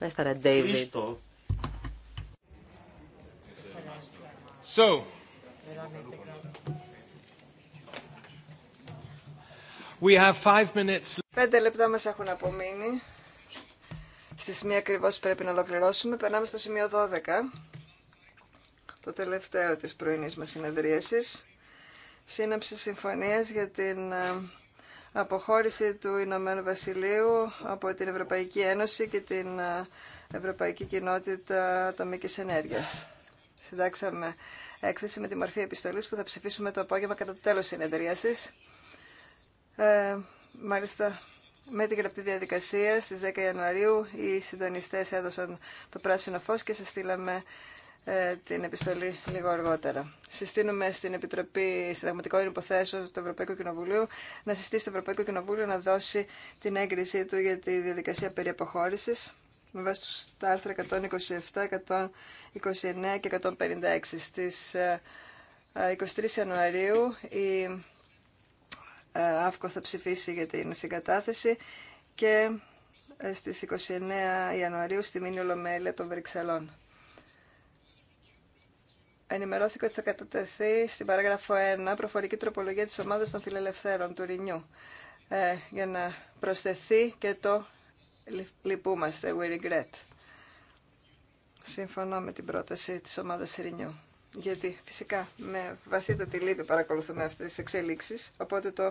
Πες τα we have five minutes. Πέντε λεπτά μας έχουν απομείνει. Στις μία ακριβώ πρέπει να ολοκληρώσουμε. Περνάμε στο σημείο 12, το τελευταίο της πρωινής μας συνεδρίασης. Σύναψη συμφωνίας για την ε, αποχώρηση του Ηνωμένου Βασιλείου από την Ευρωπαϊκή Ένωση και την ε, Ευρωπαϊκή Κοινότητα Ατομικής Ενέργειας. Συντάξαμε έκθεση με τη μορφή επιστολής που θα ψηφίσουμε το απόγευμα κατά το τέλος συνεδρίασης. Ε, μάλιστα, με την γραπτή διαδικασία στις 10 Ιανουαρίου οι συντονιστές έδωσαν το πράσινο φως και σας στείλαμε ε, την επιστολή λίγο αργότερα. Συστήνουμε στην Επιτροπή Συνταγματικών Υποθέσεων του Ευρωπαϊκού Κοινοβουλίου να συστήσει το Ευρωπαϊκό Κοινοβούλιο να δώσει την έγκρισή του για τη διαδικασία περί αποχώρησης με βάση τα άρθρα 127, 129 και 156. Στις 23 ε, ε, Ιανουαρίου η ΑΦΚΟ θα ψηφίσει για την συγκατάθεση και στις 29 Ιανουαρίου στη Μήνη Ολομέλεια των Βρυξελών ενημερώθηκα ότι θα κατατεθεί στην παράγραφο 1 προφορική τροπολογία της ομάδας των φιλελευθέρων του Ρινιού ε, για να προσθεθεί και το λυπούμαστε, we regret. Σύμφωνα με την πρόταση της ομάδας Ρινιού. Γιατί φυσικά με βαθύτατη λύπη παρακολουθούμε αυτές τις εξελίξεις, οπότε το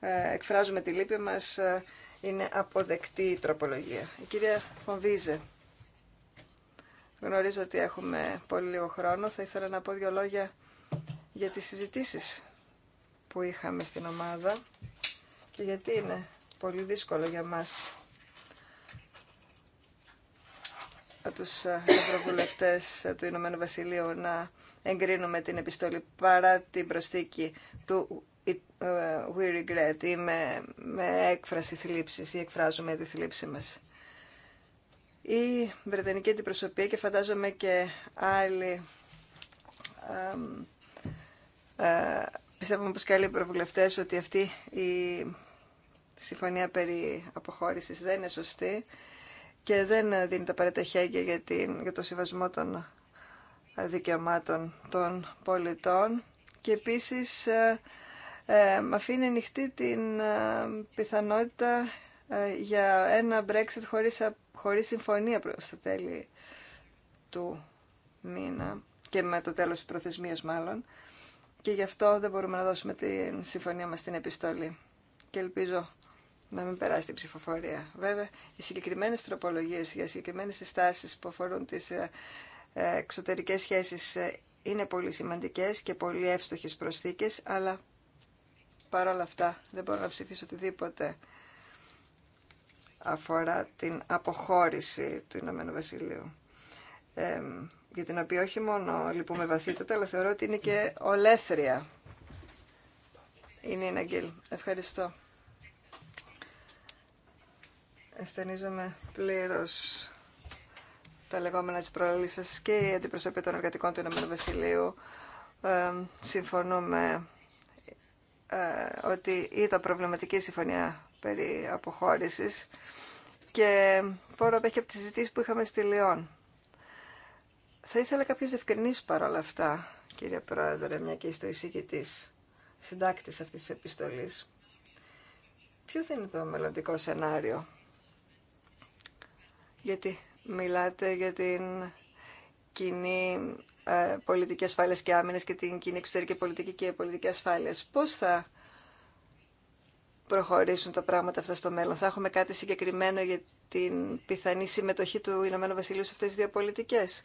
ε, εκφράζουμε τη λύπη μας, ε, είναι αποδεκτή η τροπολογία. Η κυρία Φομβίζε. Γνωρίζω ότι έχουμε πολύ λίγο χρόνο. Θα ήθελα να πω δύο λόγια για τις συζητήσεις που είχαμε στην ομάδα και γιατί είναι πολύ δύσκολο για μας τους ευρωβουλευτές του Ηνωμένου Βασιλείου να εγκρίνουμε την επιστολή παρά την προσθήκη του ε, We regret ή με, με έκφραση θλίψης ή εκφράζουμε τη θλίψη μας. Η Βρετανική Αντιπροσωπεία και φαντάζομαι και άλλοι πιστεύουμε πως και άλλοι ότι αυτή η συμφωνία περί αποχώρησης δεν είναι σωστή και δεν δίνει τα απαραίτητα για, για το συμβασμό των δικαιωμάτων των πολιτών και επίσης ε, ε αφήνει ανοιχτή την ε, πιθανότητα ε, για ένα Brexit χωρίς, συμφωνία προς τα τέλη του μήνα και με το τέλος της προθεσμίας μάλλον και γι' αυτό δεν μπορούμε να δώσουμε τη συμφωνία μας στην επιστολή και ελπίζω να μην περάσει την ψηφοφορία. Βέβαια, οι συγκεκριμένες τροπολογίες για συγκεκριμένες συστάσεις που αφορούν τις ε, ε, εξωτερικές σχέσεις είναι πολύ σημαντικές και πολύ εύστοχες προσθήκες, αλλά παρόλα αυτά δεν μπορώ να ψηφίσω οτιδήποτε αφορά την αποχώρηση του Ηνωμένου Βασιλείου. Ε, για την οποία όχι μόνο λυπούμε βαθύτατα, αλλά θεωρώ ότι είναι και ολέθρια. Είναι η Ναγγέλ. Ευχαριστώ. Εστενίζουμε πλήρως τα λεγόμενα της προλήσης και η αντιπροσωπή των εργατικών του Ηνωμένου Βασιλείου. συμφωνούμε ε, ότι ήταν προβληματική η συμφωνία περί αποχώρησης και πόρο απέχει από τις συζητήσεις που είχαμε στη Λιόν. Θα ήθελα κάποιες διευκρινήσεις παρόλα αυτά, κύριε Πρόεδρε, μια και είστε ο εισηγητής, συντάκτης αυτής της επιστολής. Ποιο θα είναι το μελλοντικό σενάριο, γιατί μιλάτε για την κοινή ε, πολιτική ασφάλειας και άμυνας και την κοινή εξωτερική πολιτική και πολιτική ασφάλειας. Πώς θα προχωρήσουν τα πράγματα αυτά στο μέλλον. Θα έχουμε κάτι συγκεκριμένο για την πιθανή συμμετοχή του Ηνωμένου Βασιλείου σε αυτές τις δύο πολιτικές.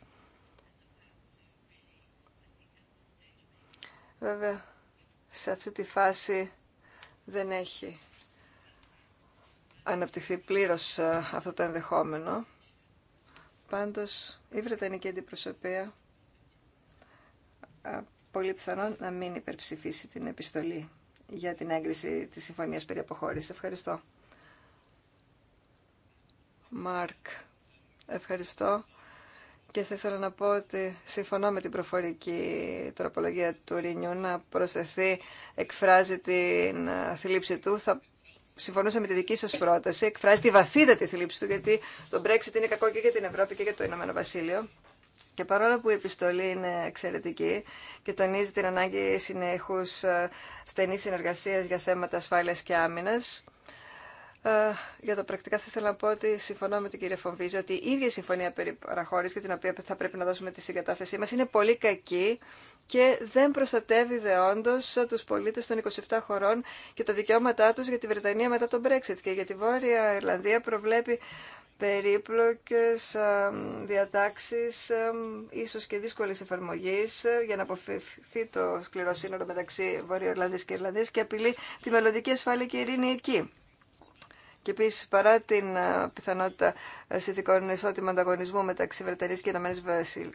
Βέβαια, σε αυτή τη φάση δεν έχει αναπτυχθεί πλήρως ε, αυτό το ενδεχόμενο. Πάντως, η Βρετανική Αντιπροσωπεία ε, πολύ πιθανόν να μην υπερψηφίσει την επιστολή για την έγκριση της Συμφωνίας περί αποχώρησης. Ευχαριστώ. Μάρκ, ευχαριστώ. Και θα ήθελα να πω ότι συμφωνώ με την προφορική τροπολογία του Ρινιού να προσθεθεί, εκφράζει την θλίψη του. Θα συμφωνούσα με τη δική σας πρόταση, εκφράζει τη βαθύτατη θλίψη του, γιατί το Brexit είναι κακό και για την Ευρώπη και για το Ηνωμένο Βασίλειο. Και παρόλο που η επιστολή είναι εξαιρετική και τονίζει την ανάγκη συνεχούς ε, στενής συνεργασίας για θέματα ασφάλειας και άμυνας, ε, για τα πρακτικά θα ήθελα να πω ότι συμφωνώ με την κυρία Φομβίζη ότι η ίδια συμφωνία περί παραχώρηση για την οποία θα πρέπει να δώσουμε τη συγκατάθεσή μα, είναι πολύ κακή και δεν προστατεύει δεόντω του πολίτε των 27 χωρών και τα δικαιώματά του για τη Βρετανία μετά τον Brexit και για τη Βόρεια Ιρλανδία προβλέπει περίπλοκες ε, διατάξεις, ε, ίσως και δύσκολες εφαρμογής για να αποφευθεί το σκληρό σύνορο μεταξύ Βόρειο Ιρλανδία και Ιρλανδία και απειλεί τη μελλοντική ασφάλεια και ειρήνη εκεί. Και επίση, παρά την ε, πιθανότητα ε, συνθηκών ισότιμου ανταγωνισμού μεταξύ Βρετανία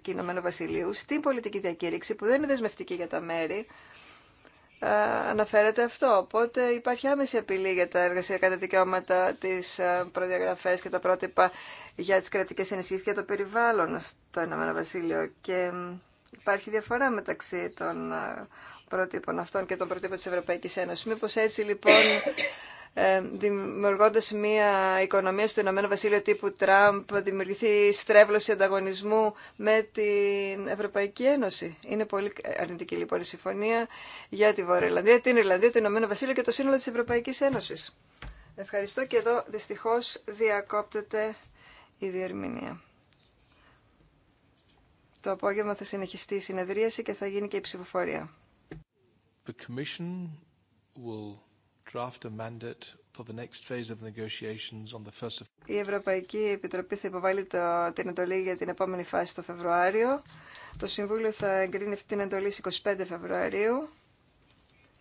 και Ηνωμένου Βασιλείου, στην πολιτική διακήρυξη, που δεν είναι δεσμευτική για τα μέρη, ε, αναφέρεται αυτό. Οπότε υπάρχει άμεση απειλή για τα εργασιακά τα δικαιώματα, τι προδιαγραφέ και τα πρότυπα για τι κρατικέ ενισχύσει και το περιβάλλον στο Ηνωμένο Βασίλειο. Και υπάρχει διαφορά μεταξύ των πρότυπων αυτών και των πρότυπων τη Ευρωπαϊκή Ένωση. Μήπω έτσι λοιπόν ε, δημιουργώντα μια οικονομία στο Ηνωμένο Βασίλειο τύπου Τραμπ, δημιουργηθεί στρέβλωση ανταγωνισμού με την Ευρωπαϊκή Ένωση. Είναι πολύ αρνητική λοιπόν η συμφωνία για τη Βόρεια Ιρλανδία, την Ιρλανδία, το Ηνωμένο Βασίλειο και το σύνολο τη Ευρωπαϊκή Ένωση. Ευχαριστώ και εδώ δυστυχώ διακόπτεται η διερμηνία. Το απόγευμα θα συνεχιστεί η συνεδρίαση και θα γίνει και η ψηφοφορία. The η Ευρωπαϊκή Επιτροπή θα υποβάλει το, την εντολή για την επόμενη φάση το Φεβρουάριο. Το Συμβούλιο θα εγκρίνει αυτή την εντολή στις 25 Φεβρουαρίου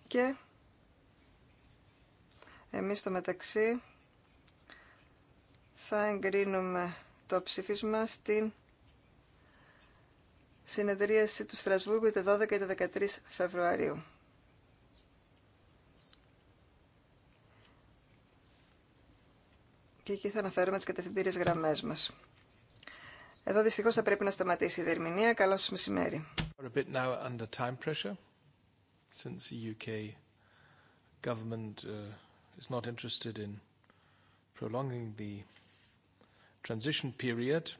και εμείς στο μεταξύ θα εγκρίνουμε το ψήφισμα στην συνεδρίαση του Στρασβούργου είτε 12 είτε 13 Φεβρουαρίου. και εκεί θα αναφέρουμε τις κατευθυντήριες γραμμές μας. Εδώ δυστυχώς θα πρέπει να σταματήσει η διερμηνία. Καλώς σας μεσημέρι. transition period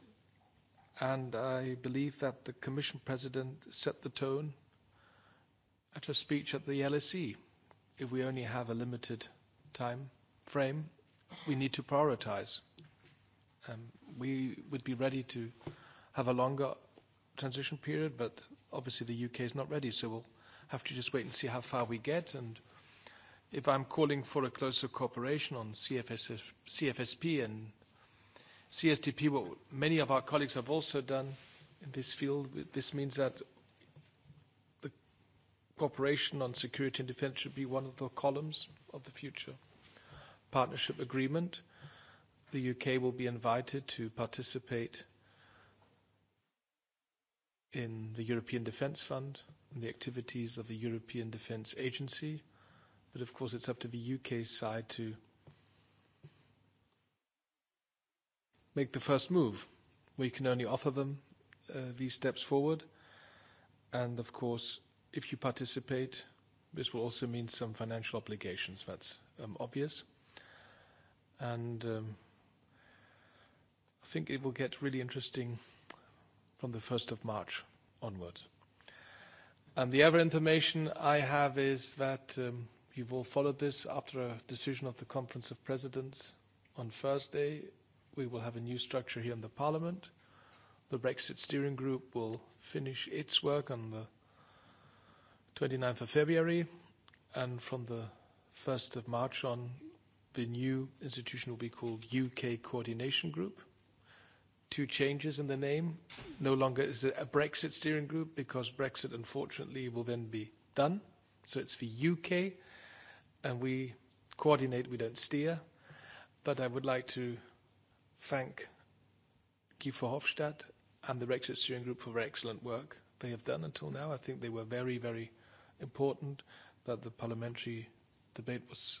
and I believe that the Commission President set the tone at her speech at the LSE. If we only have a limited time frame, we need to prioritize. We would be ready to have a longer transition period, but obviously the UK is not ready, so we'll have to just wait and see how far we get. And if I'm calling for a closer cooperation on CFSP and CSDP, what many of our colleagues have also done in this field, this means that the cooperation on security and defence should be one of the columns of the future partnership agreement. The UK will be invited to participate in the European Defence Fund and the activities of the European Defence Agency. But of course, it's up to the UK side to make the first move. We can only offer them these steps forward. And of course, if you participate, this will also mean some financial obligations. That's obvious and I think it will get really interesting from the 1st of March onwards. And the other information I have is that you've all followed this after a decision of the Conference of Presidents on Thursday. We will have a new structure here in the Parliament. The Brexit Steering Group will finish its work on the 29th of February, and from the 1st of March on, The new institution will be called UK Coordination Group. Two changes in the name. No longer is it a Brexit steering group because Brexit, unfortunately, will then be done. So it's the UK, and we coordinate, we don't steer. But I would like to thank Guy Verhofstadt and the Brexit Steering Group for their excellent work they have done until now. I think they were very, very important that the parliamentary debate was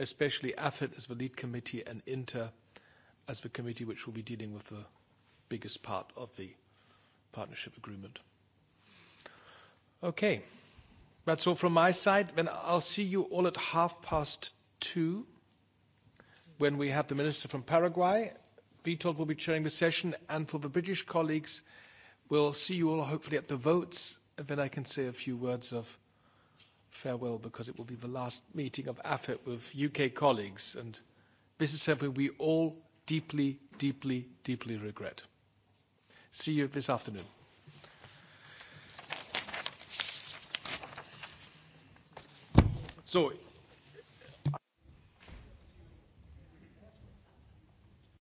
especially AFIT as the lead committee and INTER as the committee which will be dealing with the biggest part of the partnership agreement. Okay. That's all from my side. Then I'll see you all at half past two when we have the Minister from Paraguay. Vitold will be chairing the session. And for the British colleagues, we'll see you all hopefully at the votes. And then I can say a few words of farewell because it will be the last meeting of AFET with UK colleagues, and this is something we all deeply, deeply, deeply regret. See you this afternoon. So